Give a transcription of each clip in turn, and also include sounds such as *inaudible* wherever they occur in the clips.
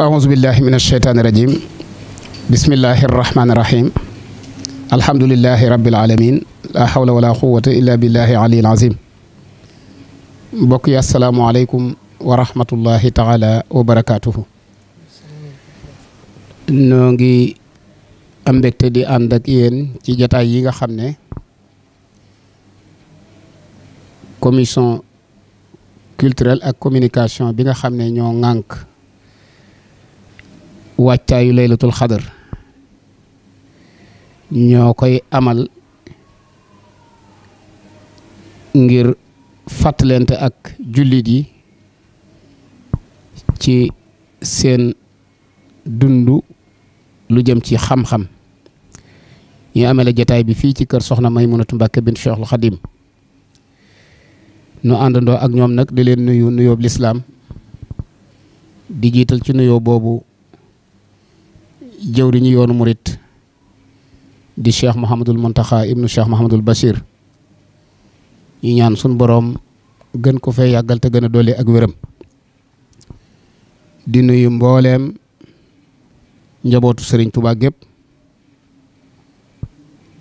أعوذ بالله من الشيطان الرجيم بسم الله الرحمن الرحيم الحمد لله رب العالمين لا حول ولا قوة إلا بالله العلي العظيم بقي السلام عليكم ورحمة الله تعالى وبركاته noo ngi am mbégte di ànd ak yéen ci jataay yi nga xam ne commission culturelle ak communication bi nga xam ne ñoo ŋànk wàccaayu laylatul xadar ñoo koy amal ngir fàttalente ak jullit yi ci seen dund lu jëm ci xam-xam ñu amale jataay bi fii ci kër soxna Maymunatu Mbàkke bint Cheikhul Xadim nu àndandoo ak ñoom nag di leen nuyu nuyoob lislaam di jiital ci nuyoo boobu jëwriñu yoonu murit di cheikh Mouhamadul Mountakha ibnu cheikh Mouhamadul Bachir ñu ñaan sun boroom gën ko fee yàggal te gën a doole ak wéram di nuyu mbooleem njabootu sëriñ Tuubaa gépp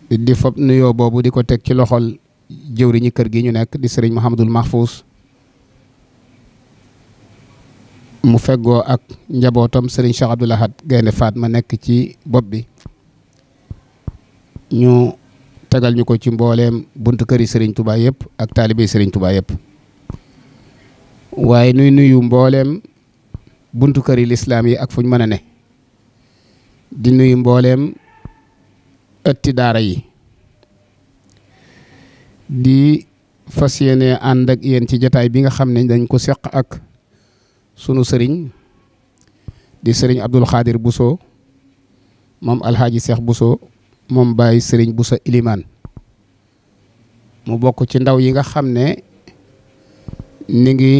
di fab nuyoo boobu di ko teg ci loxol jëwriñu kër gi ñu nekk di sëriñ Mouhamadul Mahfous mu feggoo ak njabootam sëriñ Cheikh Abdoul Ahad Gaynde Fatma nekk ci bopp bi ñu tegal ñu ko ci mbooleem buntu këri sëriñ tubaa yëpp ak taalibe sëriñ tubaa yëpp waaye nuy nuyu mbooleem buntu këri lislaam yi ak fu ñu mën a ne di nuyu mbooleem ëtti daara yi di fas yéene ànd ak yéen ci jataay bi nga xam ne dañ ko seq ak sunu sëriñ di sëriñ Abdul Xaadir Bousso moom alxaaji Seex bu Bousso moom bàyyi sëriñ bu Bousso Ilimaan mu bokk ci ndaw yi nga xam ne ni ngi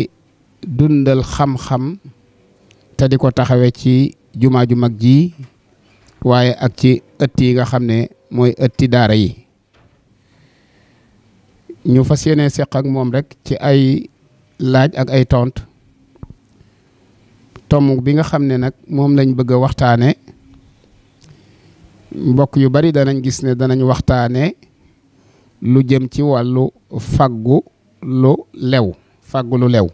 dundal xam-xam te di ko taxawee ci jumaa ju mag ji waaye ak ci ëtt yi nga xam ne mooy ëtti daara yi ñu fas yéene seq ak moom rek ci ay laaj ak ay tont tomb bi nga xam ne nag moom lañ bëgg a waxtaane mbokk yu bari danañ gis ne danañ waxtaane lu jëm ci wàllu faggu lu lew faggu lu lew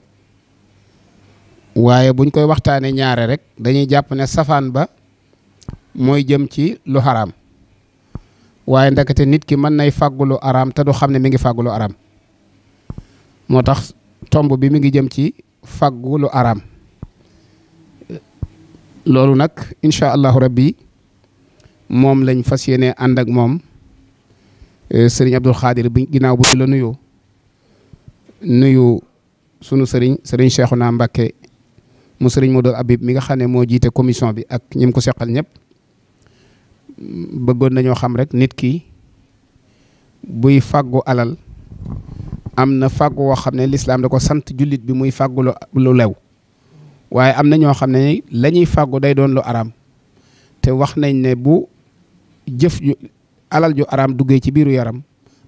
waaye buñ koy waxtaane ñaare rek dañuy jàpp ne safaan ba mooy jëm ci lu xaraam waaye ndakate nit ki mën nay faggu lu araam te du xam ne mi ngi faggu lu araam moo tax tomb bi mu ngi jëm ci faggu lu araam loolu nag incha allahu rabbi moom lañ fas yenee ànd ak moom eh, sëriñ Abdul xadir bi ginnaaw bu ñu la nuyoo nuyu sunu sëriñ sëriñ naa Mbacké mu sëriñ Modou Habib mi nga xam ne moo jiite commission bi ak ñi ko seqal ñëpp bëggoon nañoo xam rek nit ki buy faggu alal am na fàggu woo xam ne lislaam da ko sant jullit bi muy fàggu lu lew waaye am na ñoo xam ne lañuy ñuy fàggu day doon lu araam te wax nañ ne bu jëf ju alal ju araam duggee ci biiru yaram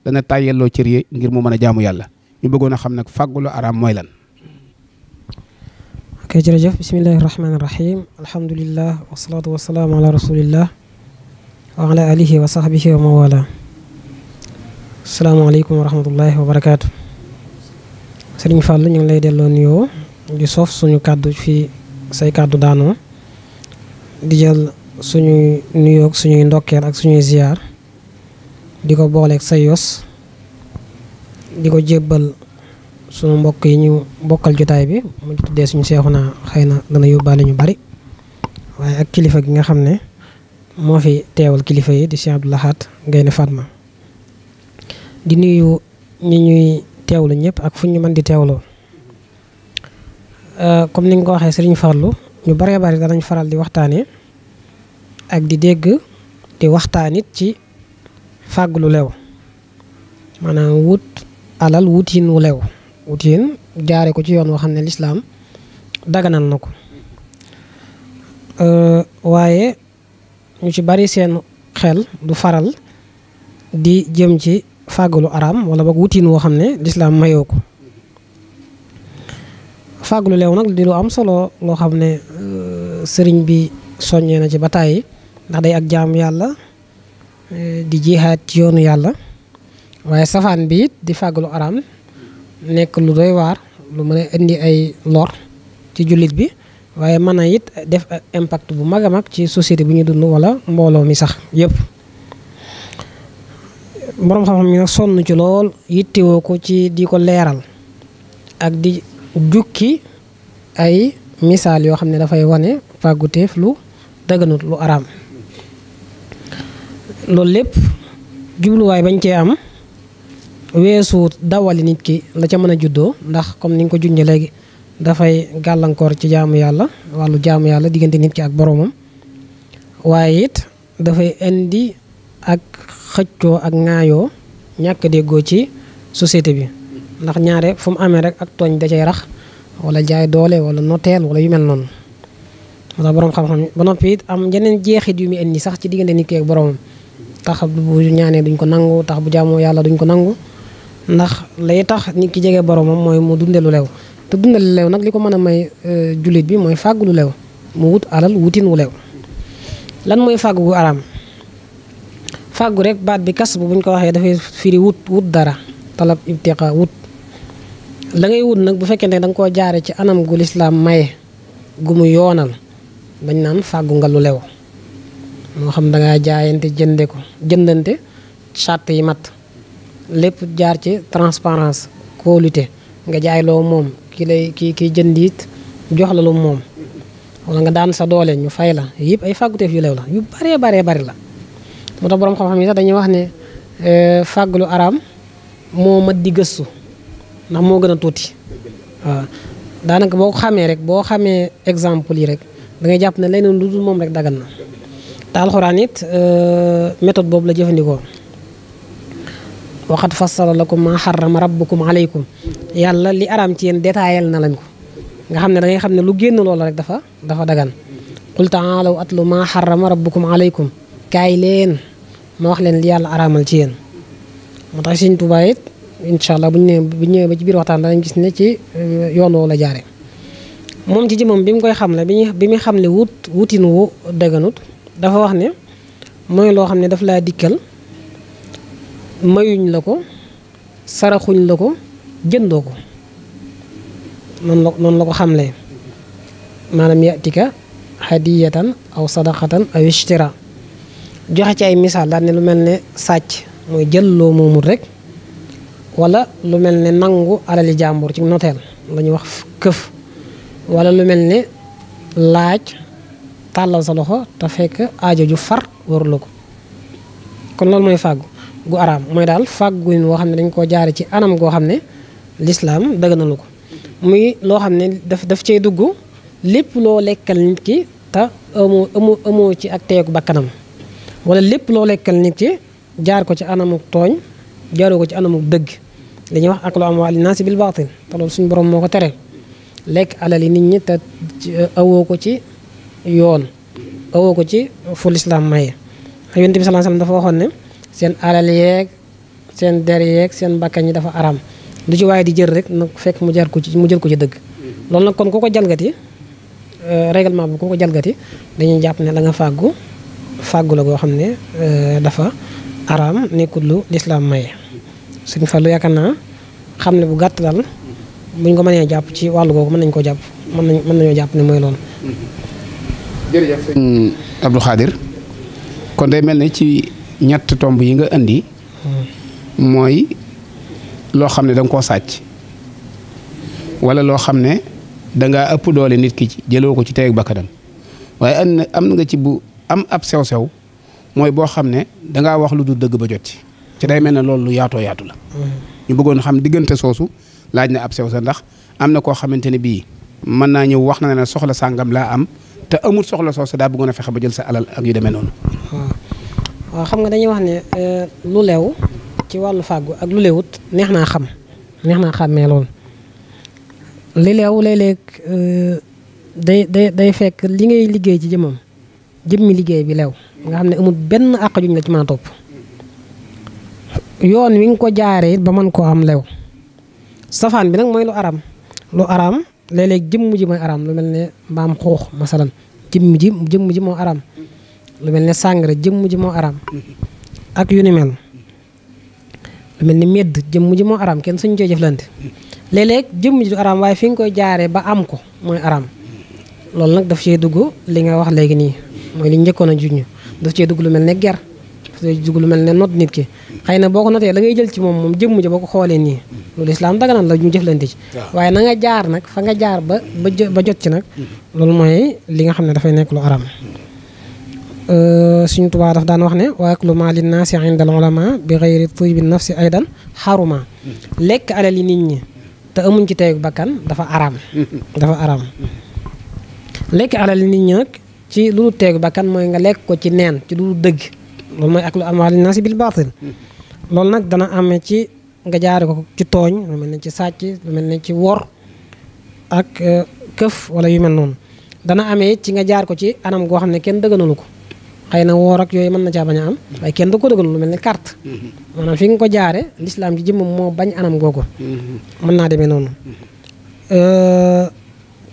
dana tàyyelloo cër yi ngir mu mën a jaamu yàlla ñu bëggoon a xam nag fàggu lu araam mooy lan. ok jërëjëf bismillahi rahmaani rahim salaatu wasalaatu wasalaamu ala rasulillah wa ala alihi wa sahbihi wa mawala asalaamaaleykum wa rahmatullahi wa barakaatu. Sëriñ Fàllu ñu lay delloo nuyoo. di soof suñu kàddu fii say kàddu daanoo di jël suñuy nuyoog suñuy ndokkeel ak suñuy ziyaar di ko booleek say yos di ko jébbal suñu mbokk yi ñu mbokkal jotaay bi mu tuddee suñu seexu naa xëy na dana yóbbaale ñu bari waaye ak kilifa gi nga xam ne moo fi teewal kilifa yi di Cheikh Abdou Lahad Gaynde Fatma di nuyu ñi ñuy teewlu ñëpp ak fu ñu mën di teewloo Euh, comme ni nga ko waxee sëriñ Fallou ñu bëree bëri danañ faral di waxtaanee ak di dégg di waxtaan it ci fàgg lu lew maanaam wut alal wutiin wu lew wutiin jaare ko ci yoon woo xam ne lislaam daganal na ko euh, waaye ñu ci bari seen xel du faral di jëm ci fàggalu araam wala boog wutin woo xam ne lislaam mayoo ko fàggu lu leew nag di lu am solo loo xam ne euh, sëriñ bi soññee na ci ba tàyyi ndax day ak jaam yàlla euh, di jihaat ci yoonu yàlla waaye safaan bi it di fàggu lu araam nekk lu doy waar lu mën a indi ay lor ci jullit bi waaye mën a it def impact bu mag a mag ci société bu ñu dund wala mbooloo mi sax yëpp boroom xam-xam ñu nag sonn ci lool yittewoo ko ci di ko leeral ak di jukki ay misaal yoo xam ne dafay wane fàgguteef lu daganut lu araam loolu lépp jubluwaay bañ cee am weesu dawali nit ki la ca mën a juddoo ndax comme ni nga ko junjee léegi dafay gàllankoor ci jaamu yàlla wàllu jaamu yàlla diggante nit ki ak boroomam waaye it dafay indi ak xëccoo ak ŋaayoo ñàkk déggoo ci société bi ndax ñaare fu mu amee rek ak tooñ da cay rax wala jaay doole wala noteel wala yu mel noonu moo tax borom xam-xam ba noppi it am yeneen jeexit yu muy indi sax ci diggante nit ki ak boromam tax bu ñaanee duñ ko nangu tax bu jaamoo yàlla duñ ko nangu ndax lay tax nit ki jege boromam mooy mu dunde lu lew te dunde lew nag li ko mën a may euh, jullit bi mooy fàgg lu mu wut alal wutin wu lan mooy fàgg gu araam fàggu rek baat bi kas bu buñ ko waxee dafay firi wut wut dara talab ibtiqa wut da ngay wut nag bu fekkente ne da nga koo jaare ci anam gu lislaam maye gu mu yoonal dañ naan fàggu nga lu lew moo xam da ngaa jaayante jënde ko jëndante charte yi matt lépp jaar ci transparence kóolute nga jaay loo moom ki lay ki kiy jënd jox la lu moom wala nga daan sa doole ñu fay la yëpp ay fàgguteef yu lew la yu baree baree bari la moo tax boroom xam-xam yi sax dañuy wax ne eh, fàggu lu araam moo mat di gëstu ndax moo gën a tuuti waaw daanaka boo xamee rek boo xamee exemple yi rek da ngay jàpp ne leneen lu dul moom rek dagan na te alxuraan it euh, méthode boobu la jëfandikoo waxat fassala lakum ma xarama rabbukum aleykum yàlla li araam ci yéen détaayel na lañ ko nga xam ne da xam ne lu génn lool rek dafa dafa dagan qul taalaw atlu ma xarama rabbukum aleykum kaay leen ma wax leen li yàlla araamal ci yéen moo tax Sëñ Tuubaa incha allah bu ñu nee bu ba ci biir waxtaan danañ gis ne ci euh, yoon woo la jaare moom ci jëmam bi mu koy xam xamle bi ñu bi muy xamle wut wutin wu daganut dafa wax ne mooy loo xam ne daf laa dikkal mayuñ la ko saraxuñ la ko jëndoo ko noonu la noonu la ko xamle maanaam yatika tan aw sadaqatan aw ishtira joxe ci ay misaal daal ne lu mel ne sàcc mooy jël loo moomul rek wala lu mel ne nangu alali jàmbur ci noteel la wax këf wala lu mel ne laaj tàllal sa loxo te fekk aajo ju far warula ko kon loolu mooy fàggu gu araam mooy daal fàgguñ woo xam ne dañ koo jaare ci anam goo xam ne lislaam dëgg na ko muy loo xam ne daf daf cay dugg lépp loo lekkal nit ki te amoo amoo amoo ci ak teeku bakkanam wala lépp loo lekkal nit ki jaar ko ci anamuk tooñ jaaroo ko ci anamuk dëgg li ñuy wax aklu amwaali naasi bil baatil te loolu suñu borom moo ko tere lekk alal yi nit ñi te euh, awoo ko ci yoon awoo ko ci fu lislaam maye yonent bi sallallahu alayhi dafa waxoon ne seen alal yeeg seen der yeeg seen bakkan yi dafa aram lu ci waaye di jël rek nag fekk mu jar ko ci mu jël ko ci dëgg loolu nag kon ku ko jalgati euh, règlement bi ku ko jalgati dañuy jàpp ne la nga fàggu fàggu la goo xam ne euh, dafa aram nekkul lu lislaam maye sëñ Fallou yaakaar naa xam ne bu gàtt daal buñ ko mënee jàpp ci wàll googu mën nañ ko jàpp mën nañ mën jàpp ne mooy loolu. day mel ne ci ñett tomb yi nga indi loo xam ne da nga koo wala loo xam ne da ëpp doole nit ki ci jëloo ko ci teeg bakkanam waaye am na am nga ci bu am ab sew-sew mooy boo xam ne da wax lu dul dëgg ba jot ci ci day mel na loolu lu yaatoo yaatu la. Mm-hmm. ñu bëggoon xam diggante soosu laaj na ab sew sa ndax am na koo xamante ne bii mën naa ñëw wax na ne soxla sàngam laa am te amul soxla soosu daa bëggoon a fexe ba jël sa alal ak yu demee noonu. Mm-hmm. waaw xam nga dañuy wax ne euh, lu leew ci wàllu fàggu ak lu leewut neex naa xam neex naa xàmmee loolu li leew léeg-léeg euh, day day day fekk li ngay liggéey ci jëmam jëm mi liggéey bi leew nga xam ne amul benn àq juñ la ci mën topp. yoon wi nga ko jaaree it ba man koo am lew safaan bi nag mooy lu araam lu araam léeg-léeg jëmm ji mooy araam lu mel ne mbaam xuux masalan jëmm ji jëmm ji moo araam lu mel ne sàngara jëmm ji moo araam ak yu ni mel lu mel ni medd jëmm ji moo araam kenn suñ cee jëflante léeg-léeg jëmm ji du araam waaye fi nga koy jaaree ba am ko mooy araam loolu nag daf cee dugg li nga wax léegi nii mooy lu njëkkoon a juñu daf cee dugg lu mel ni ger daf cee dugg lu mel ne not nit ki xay na boo ko notee la ngay jël ci moom moom jëmm ja boo ko xoolee nii loolu islaam daganaan la ñu jëflante ci waaye na nga jaar nag fa nga jaar ba ba jot ci nag loolu mooy li nga xam ne dafay nekk lu aram euh, suñu tubaa daf daan wax ne wa aklu maali naasi inda al ulama bi xayri tibi nafsi aydan xaruma lekk alal yi nit ñi te amuñ ci teegu bakkan dafa aram aram lekk alal yi nit ñi nag ci lu teegu bakkan mooy nga lekk ko ci neen ci lu dëgg loolu mooy ak lu amaali naasi bil baatil loolu nag dana amee ci nga jaare ko ci tooñ lu mel ne ci sàcc lu mel ne ci wor ak euh, këf wala yu mel noonu dana amee ci nga jaar ko ci anam goo xam ne kenn dëgganalu ko xëy na woor ak yooyu mën na caa bañ am waaye kenn du ko dëggal lu mel ne carte mm-hmm. maanaam fi nga ko jaare lislaam ci jëmmam moo bañ anam googu mm-hmm. mën naa deme noonu mm-hmm. euh,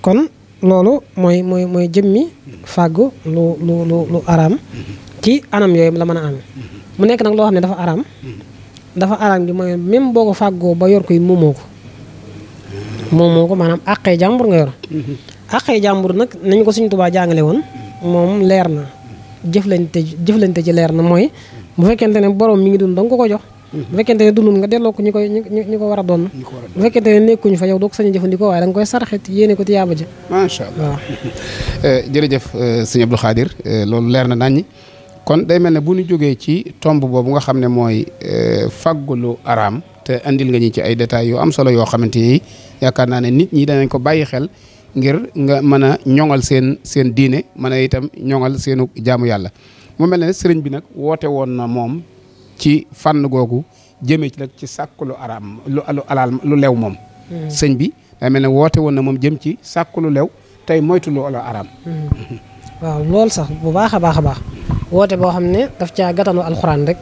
kon loolu mooy mooy mooy jëmmi fàggu lu lu araam ci anam yooyu la mën a amee mu nekk nag loo xam ne dafa araam dafa araam gi mooy même boo ko fàggoo ba yor koy moomoo ko moomoo maanaam àqee jàmbur nga yor àqee jàmbur nag nañ ko suñ tubaa jàngale woon moom leer na jëflante jëflante ci leer na mooy bu fekkente ne borom mi ngi dund da nga ko ko jox bu fekkente ne dundul nga delloo ko ñi koy ñi ko war a doon bu fekkente ne nekkuñu fa yow doo ko sañ a jëfandikoo waaye da nga koy sarxit yéene ko tiyaaba ja macha allah waaw *laughs* eh, jërëjëf eh, sëñ Abdou Khadir eh, loolu leer na naññi kon day mel ne bu ñu jógee ci tomb boobu nga xam ne mooy euh, fàggulu araam te indil nga ñi ci ay détails yoo am solo yoo xamante ni yaakaar naa ne nit ñi danañ ko bàyyi xel ngir nga mën a ñoŋal seen seen diine mën a itam ñoŋal seenu jaamu yàlla. mu mel ne sëriñ bi nag woote woon na moom ci fànn googu jëme ci nag ci sàkku lu araam lu lu alaal lu lew moom. Hmm. sëñ bi day mel ne woote woon na moom jëm ci sàkku lu lew tey moytu lu ala araam. Hmm. *laughs* waaw lool sax bu baax a baax a baax woote boo xam ne daf caa gatanu alxuraan rek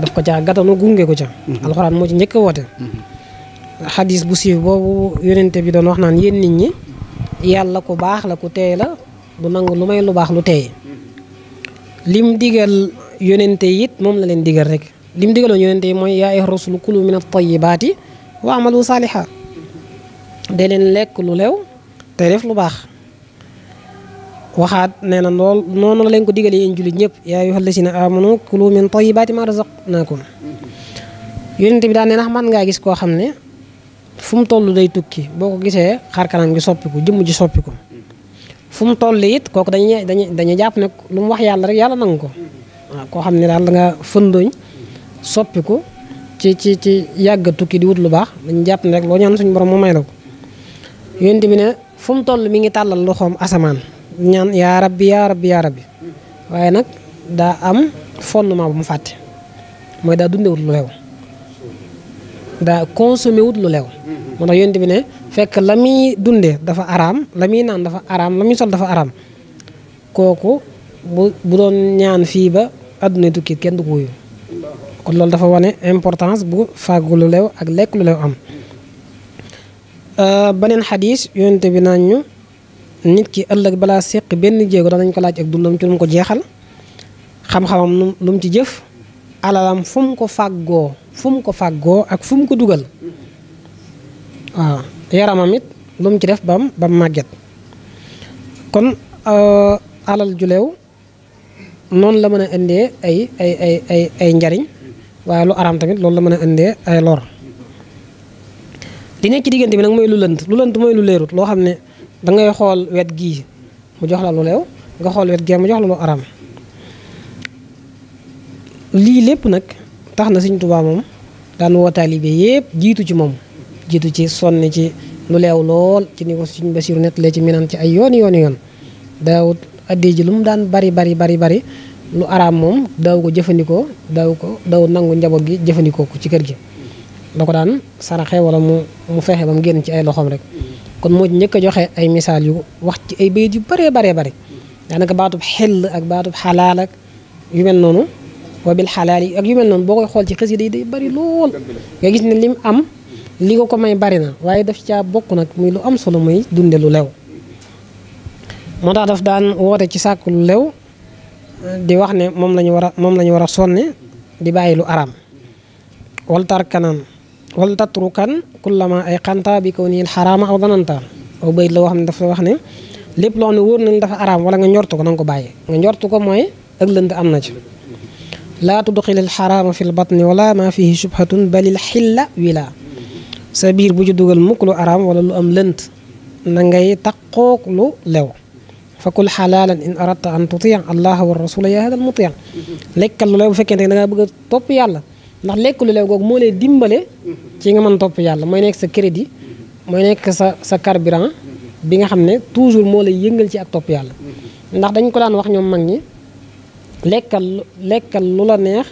daf ko caa gatanu gunge ko ca. Mhm. alxuraan moo ci njëkk woote. Mhm. xadiis bu siiw boobu yonente bi doon wax naan yéen nit ñi yàlla ku baax la ku teey la du nangu lu may lu baax lu teey lim digal yonente yi yit moom la leen digal rek lim digaloon yonente yi mooy yaa ay rasul kulu min at-tayyibaati wa amalu saaliha mhm. de leen lekk lu lew def lu baax waxaat nee na lool noonu lañ ko digalee yéen jullit ñëpp yaa ayyuhal lazina amanu kulu min tayyibaati ma razaqnaakum yonent bi daa nee na man ngaa gis koo xam ne fu mu toll day tukki boo ko gisee xar kanam gi soppiku jëmm ji soppiku fu mu toll it kooku dañuy dañuy dañuy jàpp ne lu mu wax yàlla rek yàlla nangu ko koo xam ne daal da nga fëndooñ soppiku ci ci ci yàgg tukki di wut lu baax dañu jàpp ne rek loo ñaan suñu borom mu may la ko bi ne fu mu toll mi ngi tàllal loxoom asamaan ñaan yaa rabbi yaa rabbi yaa rabbi waaye nag daa am fondement bu mu fàtte mooy daa dundee wut daa consommé wut lu lew moo tax yonent bi ne fekk la muy dundee dafa araam la muy naan dafa araam la muy sol dafa araam kooku bu bu doon ñaan fii ba àdduna tukki kenn du ko wuyu kon loolu dafa wane importance bu fàggu lu ak lekk lu lew am euh, beneen xadis yonent bi nañu nit ki ëllëg balaa séq benn jéego danañ ko laaj ak dundam ci lu ko jeexal xam-xamam nu lu ci jëf alalam fu mu ko fàggoo fu mu ko fàggoo ak fu ko dugal waaw yaramam it lu ci def bam bam màgget kon euh, alal ju leew la mën a indee ay ay ay ay njariñ waaye lu araam tamit loolu la mën a indee ay lor li nekk ci diggante bi nag mooy lu lënt lu lënt mooy lu leerut loo xam ne da ngay xool wet gi mu jox la lu leew nga xool wet gii mu jox la lu aram lii lépp nag tax na Sëñ Tuubaa moom daan woo taalibe yëpp jiitu ci moom jiitu ci sonn ci lu leew lool ci ni ko Sëñ Basiru nettalee ci minan ci ay yoon yoon yoon daawut addee lu mu daan bari bari bari bari lu araam moom daaw ko jëfandikoo daaw ko daaw nangu njaboot gi jëfandikoo ko ci kër gi da ko daan saraxe wala mu mu fexe ba mu génn ci ay loxoom rek kon moo njëkk a joxe ay misaal yu wax ci ay bayit yu bëree baree bëri daanaka baatub xel ak baatub xalaal yu mel noonu wa bil xalaal yi ak yu mel noonu boo koy xool ci xës yi day day bëri lool nga gis ne lim am li ko ko may bari na waaye daf caa bokk nag muy lu am solo muy dunde lu lew moo tax daf daan woote ci sàkk lu lew di wax ne moom lañu ñu war a moom la war a sonne di bàyyi lu araam waltar kanam wal tatrukan kullama ay xanta bi kaw niil xaraama aw dananta aw bayit la woo xam ne dafa wax ne lépp loo xam ne wóor na dafa araam wala nga njortu ko na nga ko bàyyi nga njortu ko mooy ak lënd am na ci laa tudxilil xaraama fi l batni wala maa fihi shubhatun balil xilla wila sa biir bu ci dugal mukk lu araam wala lu am lënt na ngay taqoog lu lew fakul xalaalan in aradta an tutia allaha wa rasula yaa hadal mutia lekkal lu lew bu fekkente da ngaa bëgg a topp yàlla ndax lekk lu lew googu moo lay dimbale ci nga man topp yàlla mooy nekk sa crédit mooy nekk sa sa carburant bi nga xam ne toujours moo la yëngal ci ak topp yàlla ndax dañ ko daan wax ñoom mag ñi lekkal lu la neex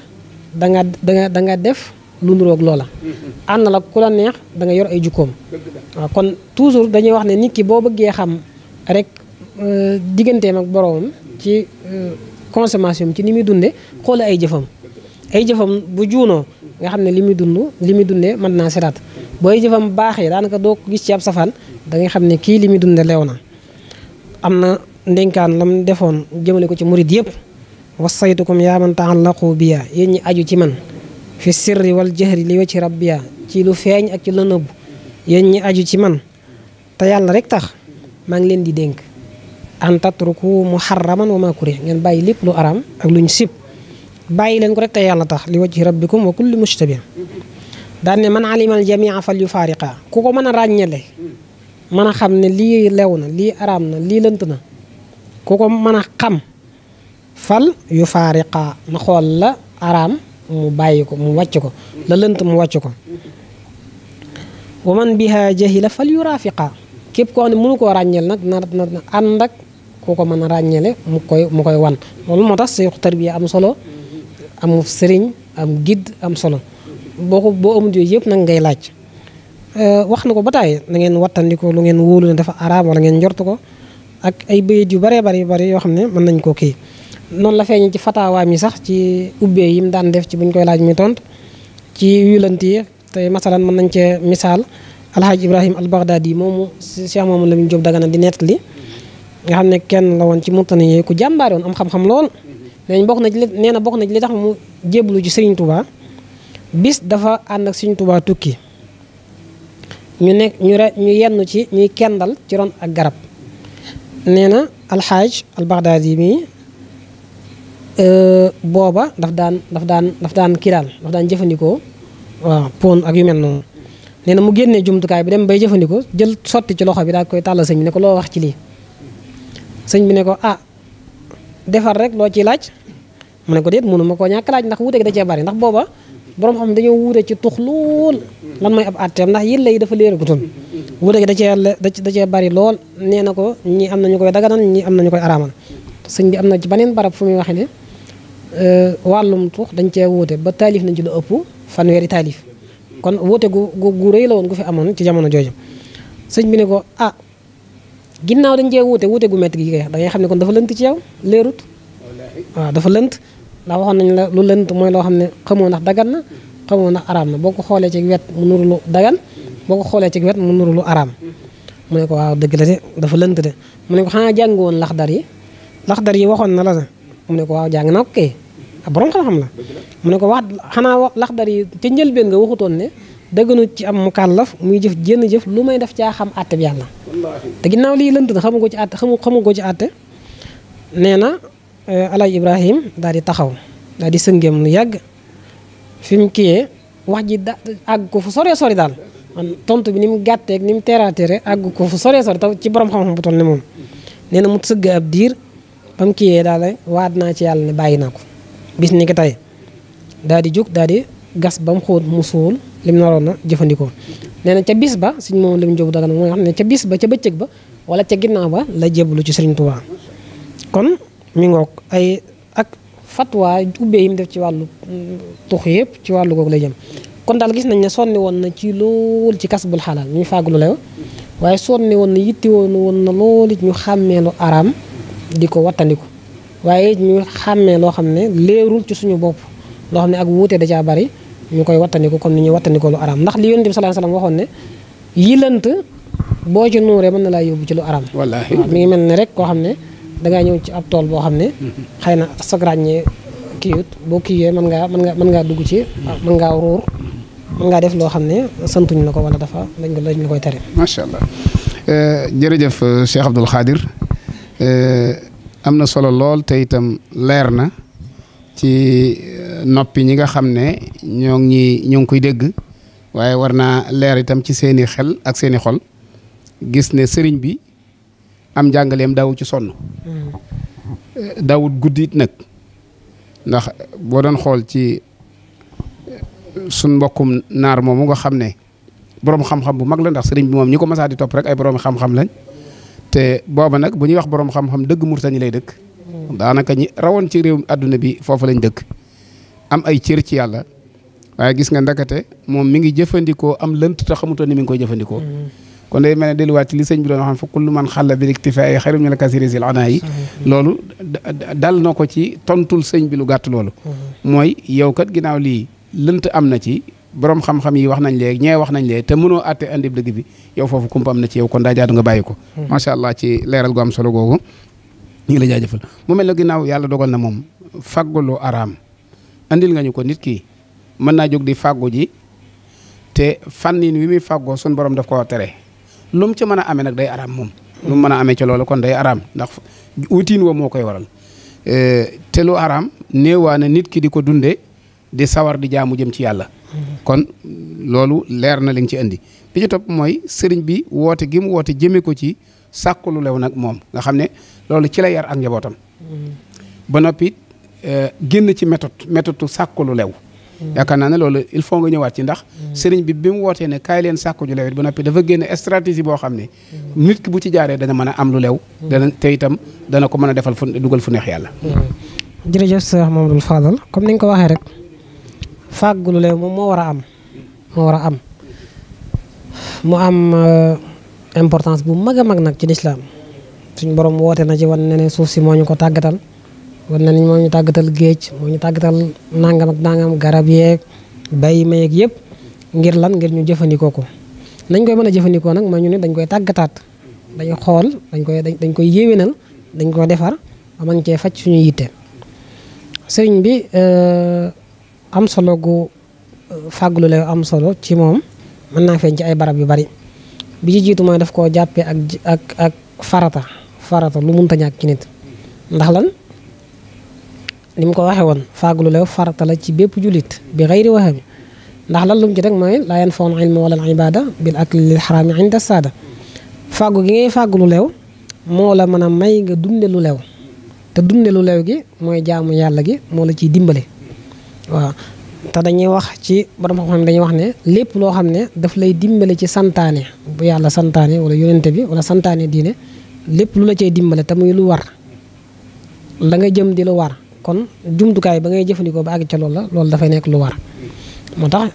da nga da nga da nga def lu nuroog loola ànd la ku la neex da nga yor ay jukkoom waaw kon toujours dañuy wax ne nit ki boo bëggee xam rek euh, digganteem ak boroomam ci euh, consommation ci ni muy dunde xoola ay jëfam ay jëfam bu juunoo nga xam ne li muy dund li muy dundee mën naa siraat boo ay jëfam baaxee daanaka doo ko gis ci ab safaan da ngay xam ne kii li muy dunde leew na am na ndénkaan lam defoon jëmale ko ci murid yépp wasaytukum yaa man taallaqu biya yéen ñi aju ci man fi sirri wal jahri li wacci rabbiya ci lu feeñ ak ci lu ñi aju ci man te yàlla rek tax maa ngi leen di dénk an tatruku muharraman wa ma kurih ngeen bàyyi lépp lu araam ak luñ sib bàyyi leen ko rek te yàlla tax li wajhi rabbikum wa kulli mushtabih daan ne man alimal jamia fal yu faariqa ku ko mën a ràññale mën a xam ne lii lew na lii araam na lii lënt na ku ko mën a xam fal yu faariqa na xool la araam mu bàyyi ko mu wàcc ko la lënt mu wàcc ko wa man biha jahila fal yu raafiqa képp koo xam ne mënu koo ràññel nag na na ànd ak ku ko mën a ràññale mu koy mu koy wan loolu moo tax sayxu tarbiya am solo am sëriñ am guide am solo boo ko boo amul yooyu yëpp nag ngay laaj euh, wax na ko ba taay na ngeen wattandiku lu ngeen wóolu ne dafa araam wala ngeen njortu ko ak ay bayit yu baree bari bari yoo xam ne mën nañ koo kii noonu la feeñ ci fatawaa mi sax ci ubbee mu daan def ci buñ koy laaj muy tontu ci wilant yi tey masalan mën nañ cee misaal alhaaj ibrahim al baghdadi moomu cheikh moomu la ñu jóg na di nettali nga xam ne kenn la woon ci murtani yi ku jàmbaare woon am xam-xam nee bokk na ci nee na bokk na li tax mu jéblu ci Serigne tubaa bis dafa ànd ak Serigne Touba tukki ñu nekk ñu yenn ci ñuy kendal ci ron ak garab nee na alxaaj albaxdaadi mii euh, booba daf daan daf daan daf daan kii daal daf jëfandikoo waaw pon ak yu mel noonu nee na mu génnee jumtukaay bi dem bay jëfandikoo jël sotti ci loxo bi daal koy tàllal sëñ bi ne ko loo wax ci lii sëñ bi ne ko ah defar rek loo ciy laaj mu ne ko déet mënu ma koo ñàkk laaj ndax wuute gi da cee bari ndax booba borom xam dañoo wuute ci tux lool lan mooy ab atteem ndax yëlla yi dafa léeragutoon wuute gi da cee da cee bari lool nee na ko ñi am nañu koy daganal ñi am nañu koy araamal sëñ bi am na ci beneen barab fu muy waxee ne euh, wàllum tux dañ cee wuute ba taalif nañ ci lu ëpp fanweeri taalif kon wuute gu gu rëy la woon gu fi amoon ci jamono jooju sëñ ko ah ginnaaw dañ cee wuute wuute gu métti gi da ngay xam ne kon dafa lënt ci yow leerut waaw dafa lënt ndax waxoon nañ la lu lënt mooy loo xam ne xamoo ndax dagan na xamoo ndax araam na boo ko xoolee ci wet mu nuru lu dagan boo ko xoolee ci wet mu nuru lu araam mu ne ko waaw dëgg la de dafa lënt de mu ne ko xanaa jàng woon laxdar yi laxdar yi waxoon na la de mu ne ko waaw jàng na ko a borom xam-xam la mu ne ko wax xanaa laxdar yi ca njëlbeen nga waxutoon ne dëgganut ci am mukallaf muy jëf jénn jëf lu may def caa xam àtte bi yàlla te ginnaaw lii lënt na ko ci àtte xamu ko ci àtte nee na euh, alaaj ibrahim daal di taxaw daal di sëngeem lu yàgg fi mu kiyee wax ji da àgg ko fu sore sori daal tontu bi ni mu gàtteeg ni mu teeraateere àgg ko fu sore sori taw ci borom xam-xam bu toll ne moom nee na mu sëgg ab diir ba kiye kiyee daal naa ci yàlla ne bàyyi naa ko bis ni ki tey daal di jóg gas ba mu xóot mu suul lim naroon a jëfandikoo nee na ca bis ba suñ moom lim jóobu dagan mooy xam ne ca bis ba ca bëccëg ba wala ca ginnaaw ba la jeblu ci Sëriñ Tuubaa kon mi ngoog ay ak fatwa ubbee yi mu def ci wàllu mm, tux yëpp ci wàllu googu la jëm kon daal gis nañ ne sonni woon na ci lool ci kasbul xalaal ñuy fàggu lu lew waaye sonni woon na yitti woon woon na lool it ñu xàmmee lu araam di ko wattandiku waaye ñu xàmmee loo xam ne leerul ci suñu bopp loo xam ne wuute da caa bari ñu koy wattandiku comme ni ñuy wattandiku lu araam ndax li yonent di sallallahu alayhi wasallam waxoon ne yi boo ci nuuree mën na laa yóbbu ci lu araam wallaahi mi ngi mel ne rek koo xam ne dangaa ñëw ci ab tool boo xam ne mm-hmm. xëy na sag ràññee kiiwut boo kiiwee mën ngaa mën ngaa mën ngaa dugg ci mm-hmm. mën ngaa ruur mën ngaa def loo xam ne santuñ la ko wala dafa dañ dañ la koy tere macha allah eh, jërëjëf eh, Cheikh Abdoul Khadir eh, am na solo lool te itam leer na ci noppi ñi nga xam ne ñoo ñi ñoo ngi koy dégg waaye war naa leer tam ci seeni xel ak seeni xol gis ne sëriñ bi am njàngaleem daawu ci sonn daawut guddit nag ndax boo doon xool ci suñ mbokkum naar mu nga xam ne boroom xam-xam bu mag la ndax sëriñ bi moom ñi ko masaa di topp rek ay borom xam-xam lañ te booba nag bu ñuy wax boroom xam-xam dëgg murtañi lay dëkk mm. daanaka ñi rawoon ci réew àdduna bi foofu lañ dëkk am ay cër ci yàlla waaye gis nga ndakate moom mi ngi jëfandikoo am lënt te xamutoon ni mi ngi koy jëfandikoo mm-hmm. kon day mel ne delluwaat ci li sëñ bi doon xam fa kullu man xalla bi iktifaa ay na ko ci tontul sëñ bi lu gàtt loolu mm-hmm. mooy yow kat ginnaaw lii lënt am na ci borom xam-xam yi wax nañ léegi ñee wax nañ léegi te mënoo àtte andi dëgg bi yow foofu kumpa am na ci yow kon daa jaadu nga bàyyi ko mm-hmm. macha allah ci leeral gu am solo googu la jaajëfal mu mel ne ginnaaw yàlla dogal na moom fagguloo araam andil nga ko nit ki mën naa jóg di fàggu ji te fànnin wi muy fàggoo sun borom def ko tere lu mu ci mën a ame nag day araam moom lu mu mën a amee ci loolu kon day araam ndax wutiin wa moo koy waral te lu araam néewaa na nit ki di ko dunde di sawar di jaamu jëm ci yàlla kon loolu leer na li nga ci indi bi ci topp mooy sëriñ bi woote gi mu woote jëmee ko ci sàkku lu lew nag moom nga xam ne loolu ci la yar ak njabootam mm. ba Euh, génn ci méthode méthode sàkku lu lew mm. yaakaar naa ne loolu il faut nga ñëwaat ci ndax mm. sëriñ bi bi mu wootee ne kaay leen sàkku ju lew it ba noppi dafa génn stratégie boo xam ne mm. nit ki bu ci jaaree dana mën a am lu lew dana te itam dana ko mën a defal fu dugal fu neex yàlla jërëjëf Cheikh Mamadou Fadal comme ni nga ko waxee rek fàggu lu lew moom moo war a am moo war a am mu am euh, importance bu mag a mag nag ci lislaam suñ borom wootee na ci wan ne ne suuf si moo ñu ko tàggatal war nañ moo ñu tàggatal géej moo ñu tàggatal nangam ak nangam garab yeeg bay mayeeg yëpp ngir lan ngir ñu jëfandikoo ko nañ koy mën a jëfandikoo nag mooy ñu ne dañ koy tàggataat dañu xool dañ koy dañ koy yéwénal dañ koy defar ba cee faj suñu yitte sëriñ bi euh, am solo gu euh, fàggulu lay am solo ci moom mën naa feeñ ci ay barab yu bari bi ci jiitu mooy daf koo jàppee ak ak ak farata farata lu munta ñàkk ci nit ndax lan ni mu ko waxee woon fàggulu la farata la ci bépp jullit bi xayri waxe bi ndax lan lu ji rek mooy laa yan fawoon ilma wala al ibada bil akli lil xaraami inda saada fàggu gi ngay fàggu lu leew mën a may nga dunde lu te dunde leew gi mooy jaamu yàlla gi moo la ciy dimbale waaw te dañuy wax ci borom xam-xam dañuy wax ne lépp loo xam ne daf lay dimbale ci santaane bu yàlla santaane wala yonente bi wala santaane diine lépp lu la cee dimbale te muy lu war la nga jëm di lu war kon jumtukaay ba ngay jëfandikoo ba àgg loolu la loolu dafa nekk lu war moo tax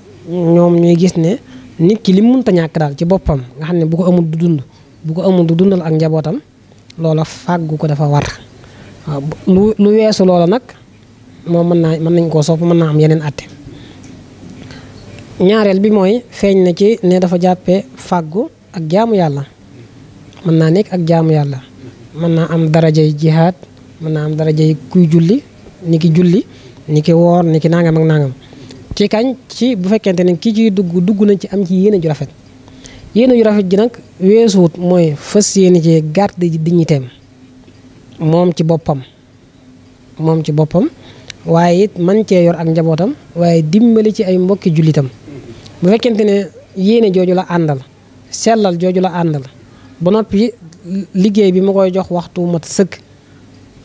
ñoom ñuy gis ne nit ki li mu mënta ñàkk daal ci boppam nga xam ne bu ko amul du dund bu ko amul du dundal ak njabootam loola fàggu ko dafa war waaw lu lu weesu loola nag moom mën naa mën nañ koo sopp mën naa am yeneen atte ñaareel bi mooy feeñ na ci ne dafa jàppe fàggu ak jaamu yàlla mën naa nekk ak jaamu yàlla mën naa am darajay jihaad mën naa am darajay kuy julli ni ki julli ni ki woor ni ki nangam ak nangam ci kañ ci bu fekkente ne ki ciy dugg dugg nañ ci am ci yéene ju rafet yéene ju rafet ji nag weesuwut mooy fës yéene ci garde ji dignitéem moom ci boppam moom ci boppam waaye it man cee yor ak njabootam waaye dimbali ci ay mbokki jullitam bu fekkente ne yéene jooju la àndal sellal jooju la àndal ba noppi liggéey bi mu koy jox waxtu mat sëkk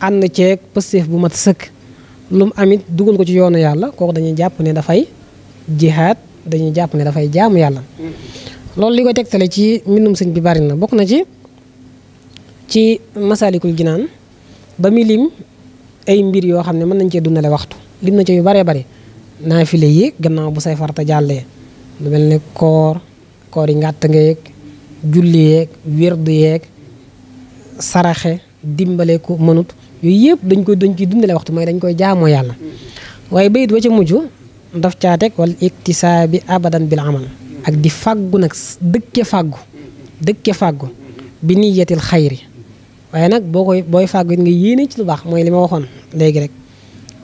ànd ceeg pëstéef bu mat sëkk lu mu amit dugal ko ci yoonu yàlla kooku dañuy jàpp ne dafay jihaad dañuy jàpp ne dafay jaamu yàlla loolu li koy tegtale ci mbindum sëñ bi bari na bokk na ci ci masaalikul jinaan ba muy lim ay mbir yoo xam ne mën nañ cee dundale waxtu lim na ci yu baree bari naafile yi gannaaw bu say farta jàllee lu mel ne koor koor yi ngàtt nga yeeg julli yeeg wérdu yeeg saraxe dimbale ko mënut yooyu yëpp dañ koy dañ koy dundale waxtu mooy dañ koy jaamoo yàlla waaye bayit wa ca mujj daf caa teg wala iktisaabi abadan bil amal ak di fàggu nag dëkke fàggu dëkke fàggu bi niyatil xayri waaye nag boo koy booy fàggu it nga yéene ci lu baax mooy li ma waxoon léegi rek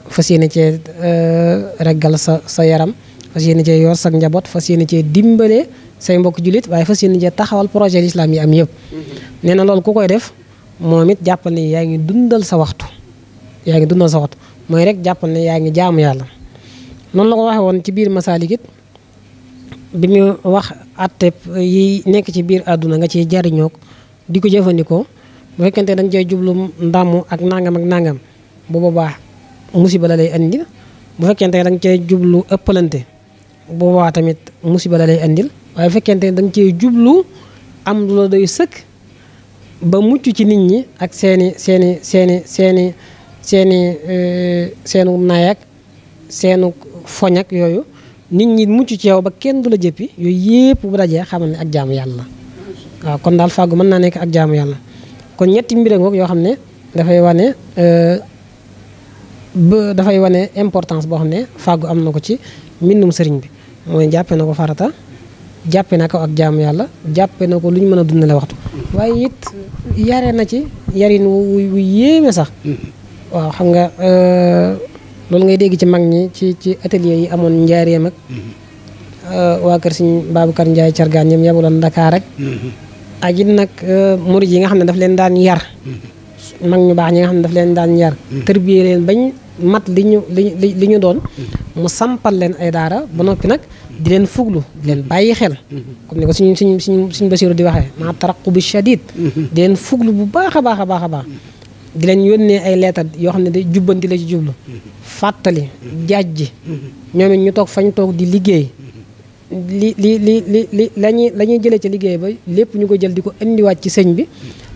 fas yéene cee euh, reggal sa sa yaram fas yéene cee yor sa njaboot fas yéene cee dimbale say mbokk jullit waaye fas yéene cee taxawal projet l'islam yi am yëpp mm-hmm. nee na ku koy def moom it jàppal ne yaa ngi dundal sa waxtu yaa ngi dundal sa waxtu mooy rek jàppal ne yaa ngi jaamu yàlla noonu la ko waxee woon ci biir masaalik it bi mu wax atte yi nekk ci biir àdduna nga ciy jariñoog di ko jëfandikoo bu fekkente dañ cey jublu ndàmm ak nangam ak nangam bu boobaa musiba la lay andil bu fekkente dañ cey jublu ëppalante bu boobaa tamit musiba la lay andil waaye bu fekkente danga cey jublu am lu la doy sëkk ba mucc ci nit ñi ak seeni seeni seeni seeni seeni euh, seenu naay ak seenu foñ yooyu nit ñi mucc ci yow ba kenn du la jëppi yooyu yëpp bu dajee xamal ne ak jaamu yàlla waaw kon daal fàggu mën naa nekk ak jaamu yàlla kon ñetti mbir ngoog yoo xam ne dafay wane euh, ba dafay wane importance boo xam ne fàggu am na ko ci mbindum sëriñ bi mooy jàppe na ko farata jàppe na ko ak jaamu yàlla jàppe na ko lu ñu mën a na la waxtu waaye it yare na ci yarin wu wu yéeme sax waaw xam nga euh, loolu ngay dégg ci mag ñi ci ci atelier yi amoon njaareem ak euh, waa kër Sëñ Babacar Ndiaye Cargaan ñoom yabaloon ndakaar rek ak it nag euh, murid yi nga xam ne daf leen daan yar mag ñu baax ñi nga xam ne daf leen daan yar tërbiyee leen bañ mat li ñu li li ñu doon mu sampal leen ay daara ba noppi nag di leen fuglu di leen bàyyi xel comme ni ko suñu suñ suñ suñ basiru di waxee maa taraqubi shadid di leen fuglu bu baax a baax a baax a baax di leen yónnee ay leetar yoo xam ne day jubbanti la ci jublu fàttali jaaj ji ñoom ñu toog fañ toog di liggéey li li li li lañuy la ñuy jëlee ci liggéey ba lépp ñu ko jël di ko indiwaat ci sëñ bi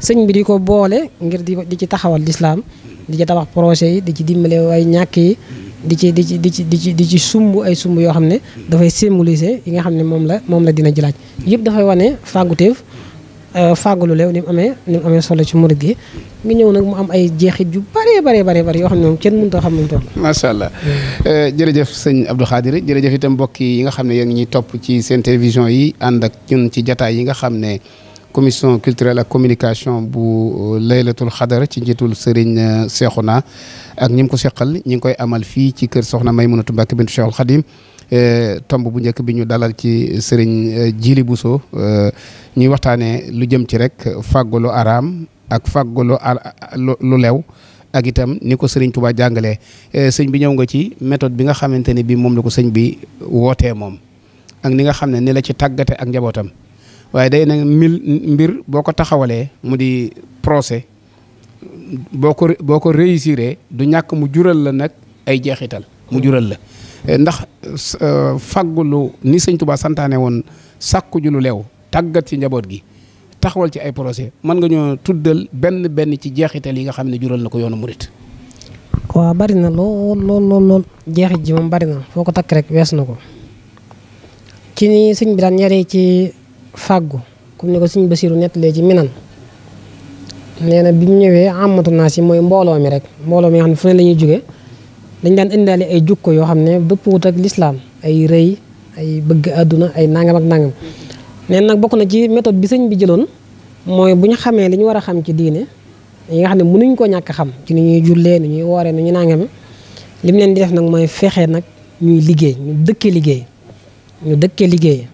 sëñ bi di ko boole ngir di di ci taxawal lislaam di ci tabax projet yi di ci dimbale waaye ñàkk yi di ci di ci di ci di ci di ci sumb ay sumb yoo xam ne dafay symboliser yi nga xam ne moom la moom la dina jilaaj yëpp dafay wane fàgguteef euh, fàggulu leew ni mu amee ni mu amee solo ci murid gi nga ñëw nag mu am ay jeexit yu bare bare bare yoo xam ne moom kenn mënut a xam mënut a xam. macha allah hmm. euh, jërëjëf sëñ Abdou Khadir jërëjëf itam mbokk yi nga xam ne yéen ngi ñuy topp ci seen télévision yi ànd ak ñun ci jataay yi nga xam ne. commission culturel ak communication bu euh, laylatul xadara ci njiitul Serigne euh, na ak ñi mu ko seqal ñi ngi koy amal fii ci kër Soxna may Maymunatu Mbàkke bintu Seexul Xadim euh, tomb bu njëkk bi ñu dalal ci Serigne Jili Bousso ñuy waxtaanee lu jëm ci rek fàggalu araam ak fàggalu lu lew ak itam ni ko Serigne Touba jàngalee sëñ bi ñëw nga ci méthode bi nga xamante ni bii moom la ko sëñ bi wootee moom ak ni nga xam ne ni la ci tàggate ak njabootam. waaye day nag mil mbir boo ko taxawalee mu di procès boo ko boo ko réussiree du ñàkk mu jural la nag ay jeexital mu jural la eh, ndax euh, faggulu ni sëñ Tuubaa santaane woon sàkku lu leew tàggat ci njaboot gi taxawal ci ay procès mën nga ñoo tuddal benn benn ci jeexital yi nga xam ne jural na ko yoonu murit waaw bari na lool lool lool lool jeexit ji moom bari na foo ko takk rek wees na ko ci ni sëñ bi daan yaree ci fàggu comme ni ko sëñ Basiiru nettalee ci minan nee na bi mu ñëwee amatu naa si mooy mbooloo mi rek mbooloo mi nga xam ne fu ne jóge dañ daan indaale ay jukko yoo xam ne dëppuwut ak lislaam ay rëy ay bëgg àdduna ay nangam ak nangam nag bokk na ci méthode bi sañ bi jëloon mooy bu ñu xamee li ñu war a xam ci diine yi nga xam ne mënuñ ko ñàkk xam ci ni ñuy jullee ni ñuy wooree ni ñuy nangame li mu leen di def nag mooy fexe nag ñuy liggéey ñu dëkkee liggéey ñu dëkkee liggéey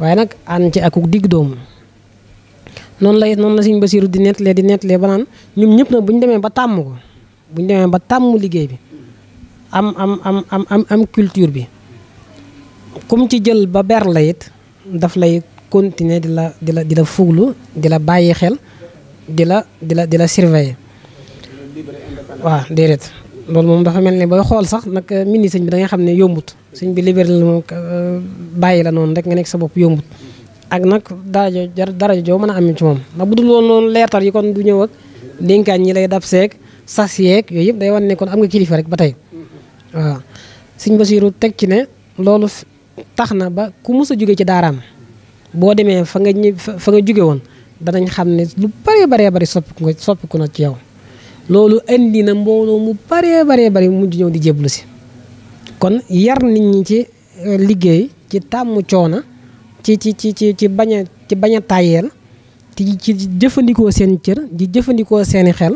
waaye nag ànd ci akuk digg doomu noonu la yit noonu la Sëriñ Basiiru di nettalee di nettalee ba naan ñoom ñëpp nag bu ñu demee ba tàmm ko bu ñu demee ba tàmm liggéey bi am am am am am am culture bi comme ci jël ba ber la it daf lay continuer di la di la di la fuglu di la bàyyi xel di la di la di la surveiller waaw déedéet loolu moom dafa mel ni booy xool sax nag euh, mini sëñ bi da xam ne yombut suñ bi libéral la moom bàyyi la noonu rek nga nekk sa bopp yombut ak nag darajo darajo joo mën a am ci moom ndax bu dul woon loolu leertar yi kon du ñëw ak dénkaan ñi lay dab seeg sas yeeg yooyu yëpp day wan ne kon am nga kilifa rek ba tey waaw sëñ Basiiru teg ci ne loolu tax na ba ku mës jóge ci daaraam boo demee fa nga ñi fa nga jóge woon danañ xam ne lu bëree baree bëri soppiku nga soppiku na ci yow loolu indi na mbooloo mu bëree baree bëri mujj ñëw di jéblu si kon yar nit ñi ci euh, liggéey ci tàmm coona ci ci ci ci ci bañ a ci bañ a tàyyeel ci ci jëfandikoo seen cër di jëfandikoo seeni xel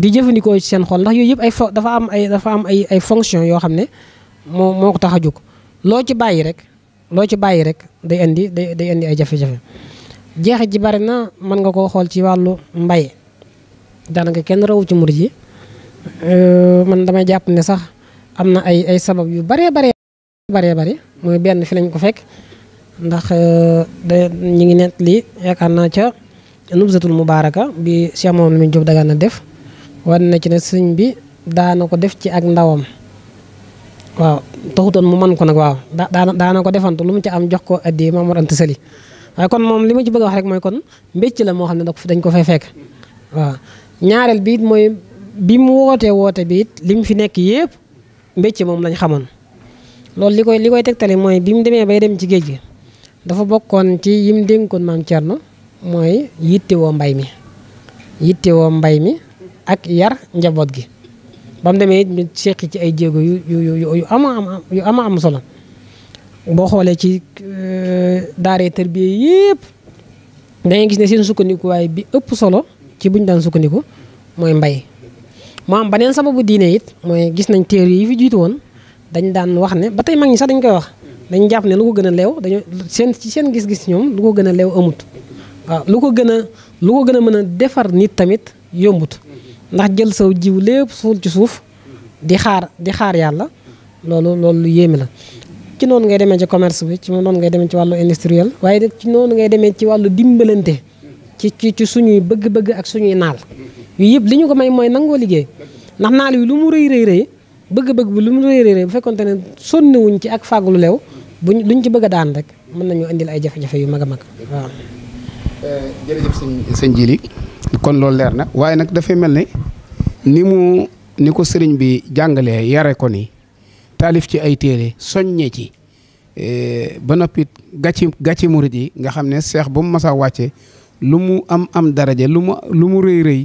di jëfandikoo ci seen xool ndax yooyu yëpp ay fo dafa am ay dafa ay ay fonction yoo xam ne moo moo ko tax a jóg loo ci bàyyi rek loo ci bàyyi rek day indi day indi ay jafe-jafe jeexit ji bari na mën nga koo xool ci wàllu mbay daanaka kenn rawu ci murid yi euh, man damay jàpp ne sax am na ay ay sabab yu baree baree baree bari mooy benn fi lañ ko fekk ndax euh, da ñu ngi nett li yaakaar naa ca nubzatul mubaaraka bi Cheikh lu Lamine jox Dagana def wan na ci ne bi daana ko def ci ak ndawam waaw taxutoon mu mën ko nag waaw daana daana ko defantu lu mu ci am jox ko addi Maam Mor Anta Sali waaye kon moom li ma ci bëgg a wax rek mooy kon mbécc la moo xam ne fi dañ ko fay fekk waaw ñaareel biit mooy bi mu wootee woote bi it li mu fi nekk yëpp mbécc moom lañ xamoon loolu li koy li koy tegtale mooy bi mu demee bay dem ci géej gi dafa bokkoon ci yim dénkoon maam no mooy yittewoo mbay mi yittewoo mbay mi ak yar njaboot gi ba mu demee ñu seqi ci ay jéego yu yu yu ama am yu ama am solo boo xoolee ci euh, daaree tërbiye yëpp da ngay gis ne seen sukkandikuwaay bi ëpp solo ci buñ daan sukkandiku mooy mbay mu am beneen sababu diine it mooy gis nañ téere yi fi jiitu woon dañ daan wax ne ba tey mag ñi sax dañ koy wax dañ jàpp ne lu ko gën a leew dañu seen ci seen gis-gis ñoom lu ko gën a leew amut waaw lu ko gën a lu ko gën a mën a defar nit tamit yombut ndax jël saw jiw lépp suul ci suuf di xaar di xaar yàlla loolu loolu lu yéeme la ci noonu ngay demee ci commerce bi ci noonu ngay demee ci wàllu industriel waaye nag ci noonu ngay demee ci wàllu dimbalante ci ci ci suñuy bëgg-bëgg ak suñuy naal yooyu yëpp li ñu ko may mooy nangoo liggéey ndax naal yi lu mu rëy rëy rëy bëgg-bëgg bi lu mu rëy rëy rëy bu fekkonte ne sonniwuñ ci ak fàggulu leew buñ luñ ci bëgg a daan rek mën nañu indil ay jafe-jafe yu mag a mag waaw. Eh, jërëjëf kon loolu leer nag waaye nag dafay mel ni ni mu ni ko sëriñ bi jàngalee yare ko ni taalif ci ay téere soññee ci eh, ba noppit gàcci gàcci murit yi nga xam ne seex bu mu mas a wàccee. lu mu am am dara daraja lu mu lu mu rëy rëy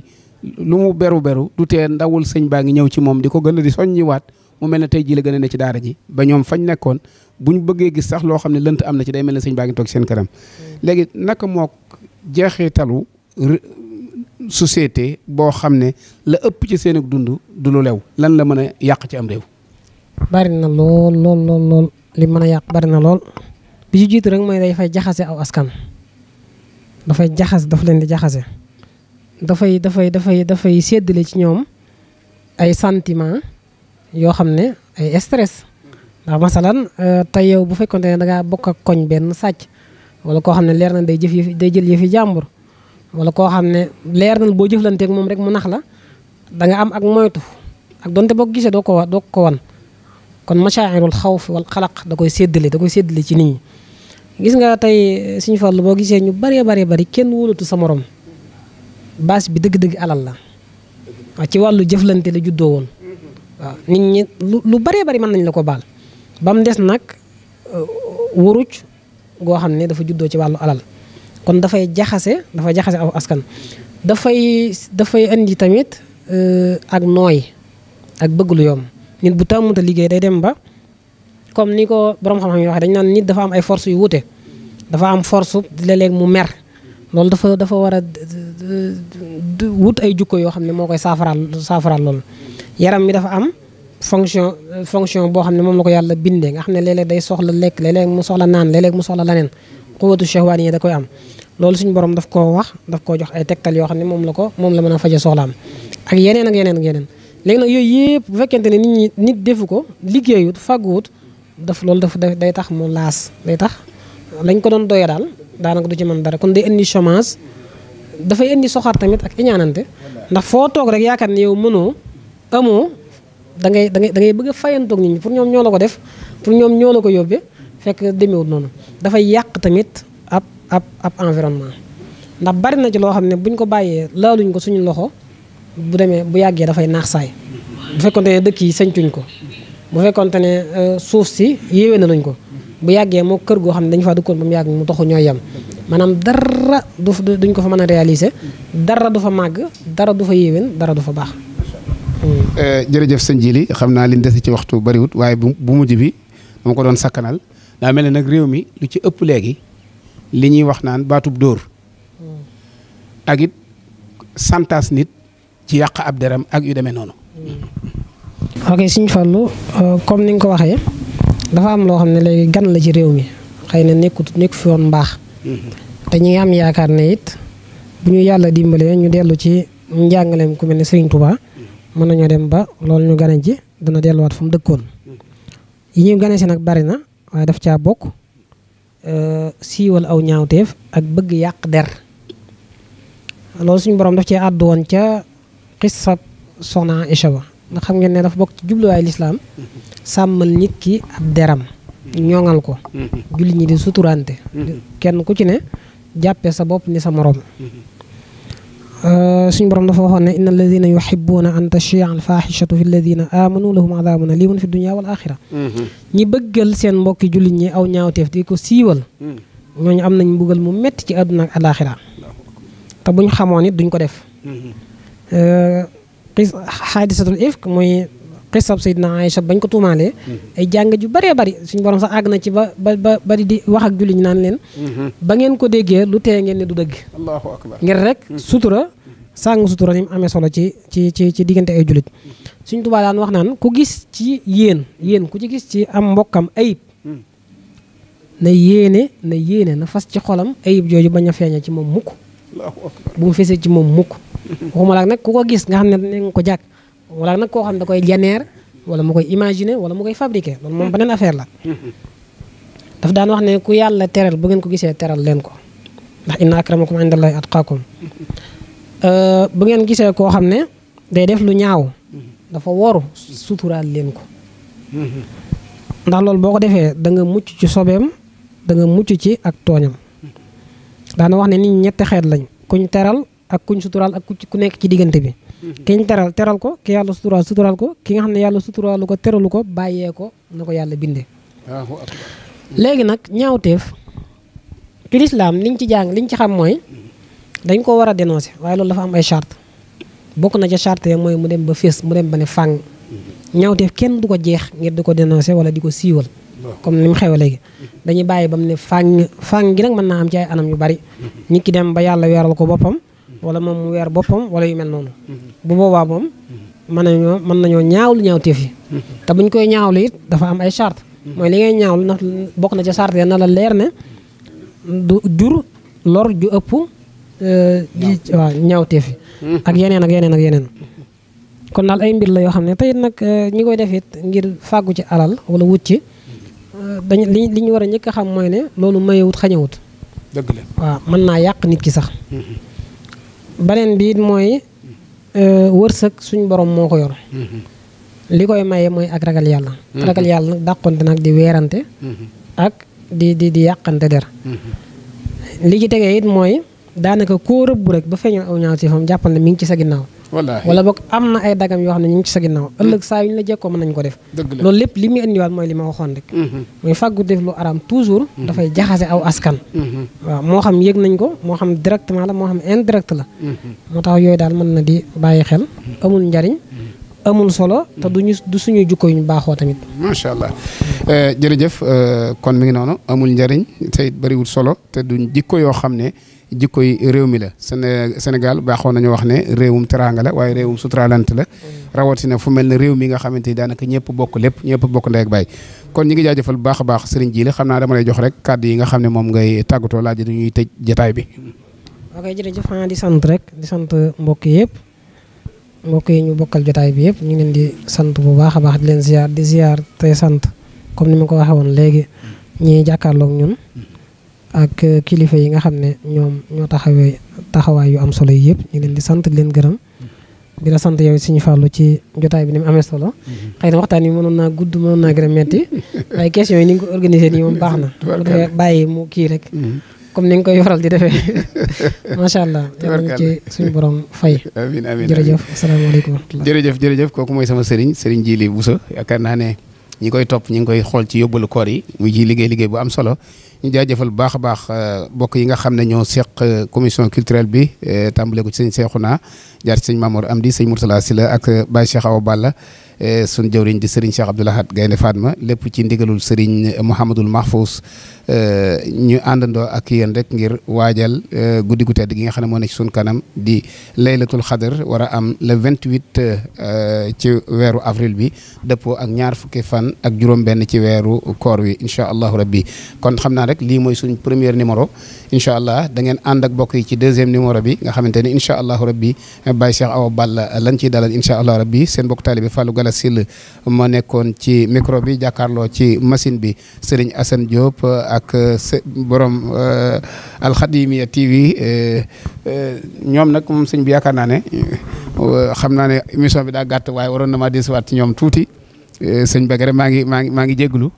lu mu beru beru du tee ndawul sëñ baa ngi ñëw ci moom di ko gën a di soññiwaat mu mel ne tey jii la gën a ne ci daara ji ba ñoom fañ nekkoon buñ bëggee gis sax loo xam ne lënt am na ci day mel ne sëñ baa ngi toog seen kanam mm. léegi naka mook jeexitalu société boo xam ne la ëpp ci seen dund du lew lan la mën a yàq ci am réew. bari na li mën a yàq bari na lool ci jiitu rek mooy day fay jaxase aw askan. dafay jaxas dafa leen di jaxase dafay dafay dafay dafay séddale ci ñoom ay sentiment yoo xam ne ay stress ndax masalan euh, tey yow bu fekkoon ne da ngaa bokk ak koñ benn sàcc wala koo xam ne leer na day jëf yëf day jël yëfi jàmbur wala koo xam ne leer na boo jëflanteeg moom rek mu nax la da am ak moytu ak donte boo gisee doo ko doo ko wan kon machairul xawf wal da koy séddale da koy séddale ci nit ñi gis nga tey eh, suñu farlu boo gisee ñu bëree bëree bari kenn wóolatu sa moroom base bi dëgg-dëgg alal la waaw ci wàllu jëflante la juddoo woon waaw nit ñi lu lu bari bëri mën nañ la ko baal bam des nag eh, wuruj goo xam ne dafa juddoo ci wàllu alal kon dafay jaxase dafa jaxase aw askan dafay dafay indi tamit eh, ak nooy ak bëgg lu yomb nit bu tàmmuta liggéey day dem ba comme ni ko borom xam-xam yi waxee dañu naan nit dafa am ay force yu wuute dafa am force léeg-léeg mu mer loolu dafa dafa war a wut ay jukko yoo xam ne moo koy saafaraal saafaraal loolu yaram mi dafa am fonction fonction boo xam ne moom la ko yàlla bindee nga xam ne léeg day soxla lekk léeg-léeg mu soxla naan léeg mu soxla laneen xuwatu chehwaan yi da koy am loolu suñu borom daf koo wax daf koo jox ay tegtal yoo xam ne moom la ko moom la mën a faje soxlaam ak yeneen ak yeneen ak yeneen yooyu yëpp bu fekkente ne nit ñi nit defu ko liggéeyut fàgguwut daf loolu daf day tax mu laas day tax lañ ko doon doyee daal daanaka du ci mën dara kon de indi chômage dafay indi soxaar tamit ak iñaanante ndax foo toog rek yaakaar ni yow mënoo amoo da ngay da da ngay bëgg a fayantoog nit ñi pour ñoom ñoo la ko def pour ñoom ñoo la ko yóbbee fekk demeewul noonu dafay yàq tamit ab ab ab environnement ndax bari na ci loo xam ne buñ ko bàyyee laaluñ ko suñu loxo bu demee bu yàggee dafay naax saay bu fekkoon ne dëkk yi sañcuñ ko bu fekkonte ne euh, suuf si yéwee na nañ ko bu yàggee moo kër goo xam ne dañu faa dëkkoon ba mu yàgg mu taxu ñooy yem maanaam dara du duñ ko fa mën a réaliser dara du màgg dara du fa dara du fa baax euh, jërëjëf sëñ Jili xam naa liñ dese ci waxtu bariwut waaye bu mujj bi dama ko doon sakkanal daa mel ne nag réew mi lu ci ëpp léegi li ñuy wax naan baatub dóor ak santaas nit ci yàq ab deram ak yu demee noonu ok Sëñ Fallu euh, comme ni nga ko waxee dafa am loo xam ne léegi gan la ci réew mi xëy na nekkut nekku fi woon mbaax mhm. te ñi ngi am yaakaar ne it bu ñu yàlla dimbalee ñu dellu ci njàngaleem ku mel ne Sëriñ Tuubaa mhm. mën nañoo dem ba loolu ñu gane ji dana delluwaat fu mu dëkkoon mhm. yi ñu gane si nag bari na waaye def caa bokk euh, siiwal aw ñaawteef ak bëgg yàq der loolu suñu borom daf cee àddu woon ca sa soxna Aïcha ba ndax xam ngeen ne dafa bokk ci jubluwaay lislaam sàmmal nit ki ab deram ñoŋal ko jullit ñi di suturante kenn ku ci ne jàppee sa bopp ni sa moroom euh, suñ borom dafa waxoon ne inna alladina yuhibbuna an tashia al fahishatu fi alladina amanu lahum adabun alimun fi dunya wal axira ñi bëggal seen mbokki jullit ñi aw ñaawteef di ko siiwal ñooñu am nañ mbugal mu metti ci àdduna ak alaxira te buñ xamoon it duñ ko def euh, xis xaadisatul ifk muy xisab sayidina Aïcha bañ ko tuumaalee mm-hmm. ay jàngat yu baree bari suñ borom sax àgg na ci ba ba ba di wax ak julli ñu naan leen mm-hmm. ba ngeen ko déggee lu tee ngeen ne du dëgg allahu akbar ngir rek mm-hmm. sutura sàng sutura ni mu amee solo ci ci ci ci diggante ay jullit suñ tubaa daan wax naan ku gis ci yéen yéen ku ci gis ci am mbokkam ayib na yéene na yéene na fas ci xolam ayib jooju bañ a feeña ci moom mukk bu mu fesee ci moom mukk waxuma laak nag ku ko gis nga xam ne ne nga ko jàkk waxuma laak nag koo xam ne da koy janeer wala mu koy imaginer wala mu koy fabriquer loolu moom beneen affaire la daf daan wax ne ku yàlla teral bu ngeen ko gisee teral leen ko ndax inna akramakum at atqaakum euh, bu ngeen gisee koo xam ne day def lu ñaaw dafa woru suturaal leen ko ndax loolu boo ko defee da nga mucc ci sobeem da nga mucc ci ak tooñam daana wax ne nit ñetti xeet lañ kuñ teral ak kuñ suturaal ak ku nekk ci diggante bi mhm. kiñ teral teral ko ki yàlla suturaal suturaal ko ki nga xam ne yàlla suturaalu ko teralu ko bàyyee ko na ko yàlla bindee léegi nag ñaawteef ci liñ ci jàng liñ ci xam mooy dañ ko war a dénoncé waaye loolu dafa am ay charte bokk na ca charte mooy mu dem ba fees mu dem ba ne fàng mhm. ñaawteef kenn du ko jeex ngir di ko dénoncé wala di ko siiwal comme ni mu xew léegi dañuy bàyyi ba mu ne gi nag mën naa am ci anam yu bari nit ki dem ba yàlla weeral ko boppam wala moom mu weer boppam wala yu mel noonu bu boobaa moom mën nañoo mën nañoo ñaawlu ñaawteef yi te buñ koy ñaawlu it dafa am ay charte mooy li ngay ñaawlu ndax bokk na ci charte na la leer ne du jur lor ju ëpp euh, waaw yi mm-hmm. ak yeneen ak yeneen ak yeneen kon daal ay mbir la yoo xam ne teyit nag euh, ñi koy def it ngir fàggu ci alal wala wut ci dañ li li ñu war a njëkk a xam mooy ne loolu mayewut xañewut dëgg la mën naa yàq nit ki sax mm-hmm. beneen bi it mooy euh, wërsëg suñ borom moo ko yor mm-hmm. li koy maye mooy ak ragal yàlla mm-hmm. ragal yàlla dàqonte nag di weerante ak di di di yàqante der li ci tegee it mooy daanaka koo rëbb rek ba feeñal aw ñaaw si fam jàppal ne mi ngi ci sa ginnaaw wallaahi wala boog am na ay dagam yoo xam ne ñu ngi ci sa ginnaaw ëllëg saa yu ñu la jekkoo mën nañu ko def loolu lépp li muy indiwaat mooy li ma waxoon rek mhm. mooy fàggu def lu araam toujours mhm. dafay jaxase aw askan mhm. waaw moo xam yëg nañ ko moo xam directement la moo xam indirect la moo tax yooyu daal mën na di bàyyi xel amul njariñ amul solo te duñu du suñuy jukko yu ñu baaxoo tamit macha allah eh, eh, kon mi ngi noonu amul njariñ te it bariwul solo te duñ jikko yoo xam ne jikkoy réew mi la Sénégal baaxoon ñu wax ne réewum teraanga la waaye réewum suturaalante la mm. rawatina fu mel ne réew mi nga xamante ni daanaka ñëpp bokk lépp ñëpp bokk ndey ak baay kon ñi ngi jaajëfal bu baax a baax sëriñ ji la xam naa dama lay jox rek kàddu yi nga xam ne moom ngay tàggatoo laaj dañuy tëj jataay bi ok jërëjëf xanaa di sant rek sant mbokk yëpp mbokk yi ñu bokkal jotaay bi yëpp ñu ngi leen di sant bu baax a baax di leen ziar di ziar tey sant comme ni ma ko waxee woon léegi ñi jàkkaarloog ñun ak kilifa yi nga xam ne ñoom ñoo taxawee taxawaay yu am solo yi yëpp ñu leen di sant di leen gërëm di la sant yow suñu fàllu ci jotaay bi ni mu amee solo xëy na waxtaan yi mënoon naa gudd mënoon naa gën a *laughs* yi ni nga ko organisé nii baax na bu bàyyi mu kii rek mhm. comme ni nga koy waral di defee *laughs* macha allah yàlla ci suñu borom fay *laughs* amiin amiin jërëjëf asalaamaaleykum jërëjëf jërëjëf kooku mooy sama sëriñ sëriñ Jili Bousso yaakaar naa ne ñi koy topp ñi ngi koy xool ci yóbbalu koor yi muy ji liggéey liggéey bu am solo ñu jaajëfal bu baax a baax euh, mbokk yi nga xam ne ñoo seq euh, commission culturelle bi euh, tàmbale ko ci sëñ Seexuna jaar ci sëñ Mamour Amdi sëñ Moursala Sylla ak Baye Cheikh Awa E, suñ jëwriñ di Serigne Cheikh Abdoul Ahad Gaynde Fatma lépp ci ndigalul Serigne Mouhamadul Mahfous e, ñu àndandoo ak yéen rek ngir waajal e, guddi gu tedd gi nga xam ne moo ne ci suñ kanam di laylatul xadar war a am le 28 ci weeru avril bi dëppoo ak ñaar fukki fan ak juróom-benn ci weeru koor wi incha allahu rabbi kon xam naa rek lii mooy suñ premier numéro incha allah da ngeen ànd ak bokk yi ci deuxième numéro bi nga xamante ni incha allahu rabbi Baye Cheikh Awa Balla Ngala Syll moo nekkoon ci micro bi jàkkaarloo ci machine bi Serigne Assane Diop eh, ak eh, borom eh, alxadimiya TV ñoom nag moom sëñ bi yaakaar naa ne xam naa ne émission bi daa gàtt waaye waroon na maa desiwaat ci ñoom tuuti sëñ Bagare maa ngi maa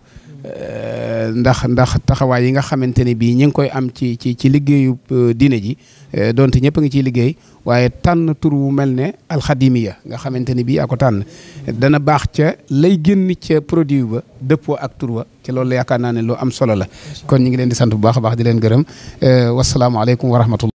Euh, ndax ndax taxawaay yi nga xamante ne bii ñi ngi koy am ci ci ci liggéeyu euh, dina ji euh, donte ñëpp a ngi ciy liggéey waaye tànn tur wu mel ne alxadimiya nga xamante ni bii ako tànn dana baax ca lay génn ca produit ba dëppoo ak tur wa ci loolu yaakaar naa ne loo am solo la kon ñu ngi leen di sant bu baax a baax di leen gërëm wasalaamaaleykum wa rahmatullah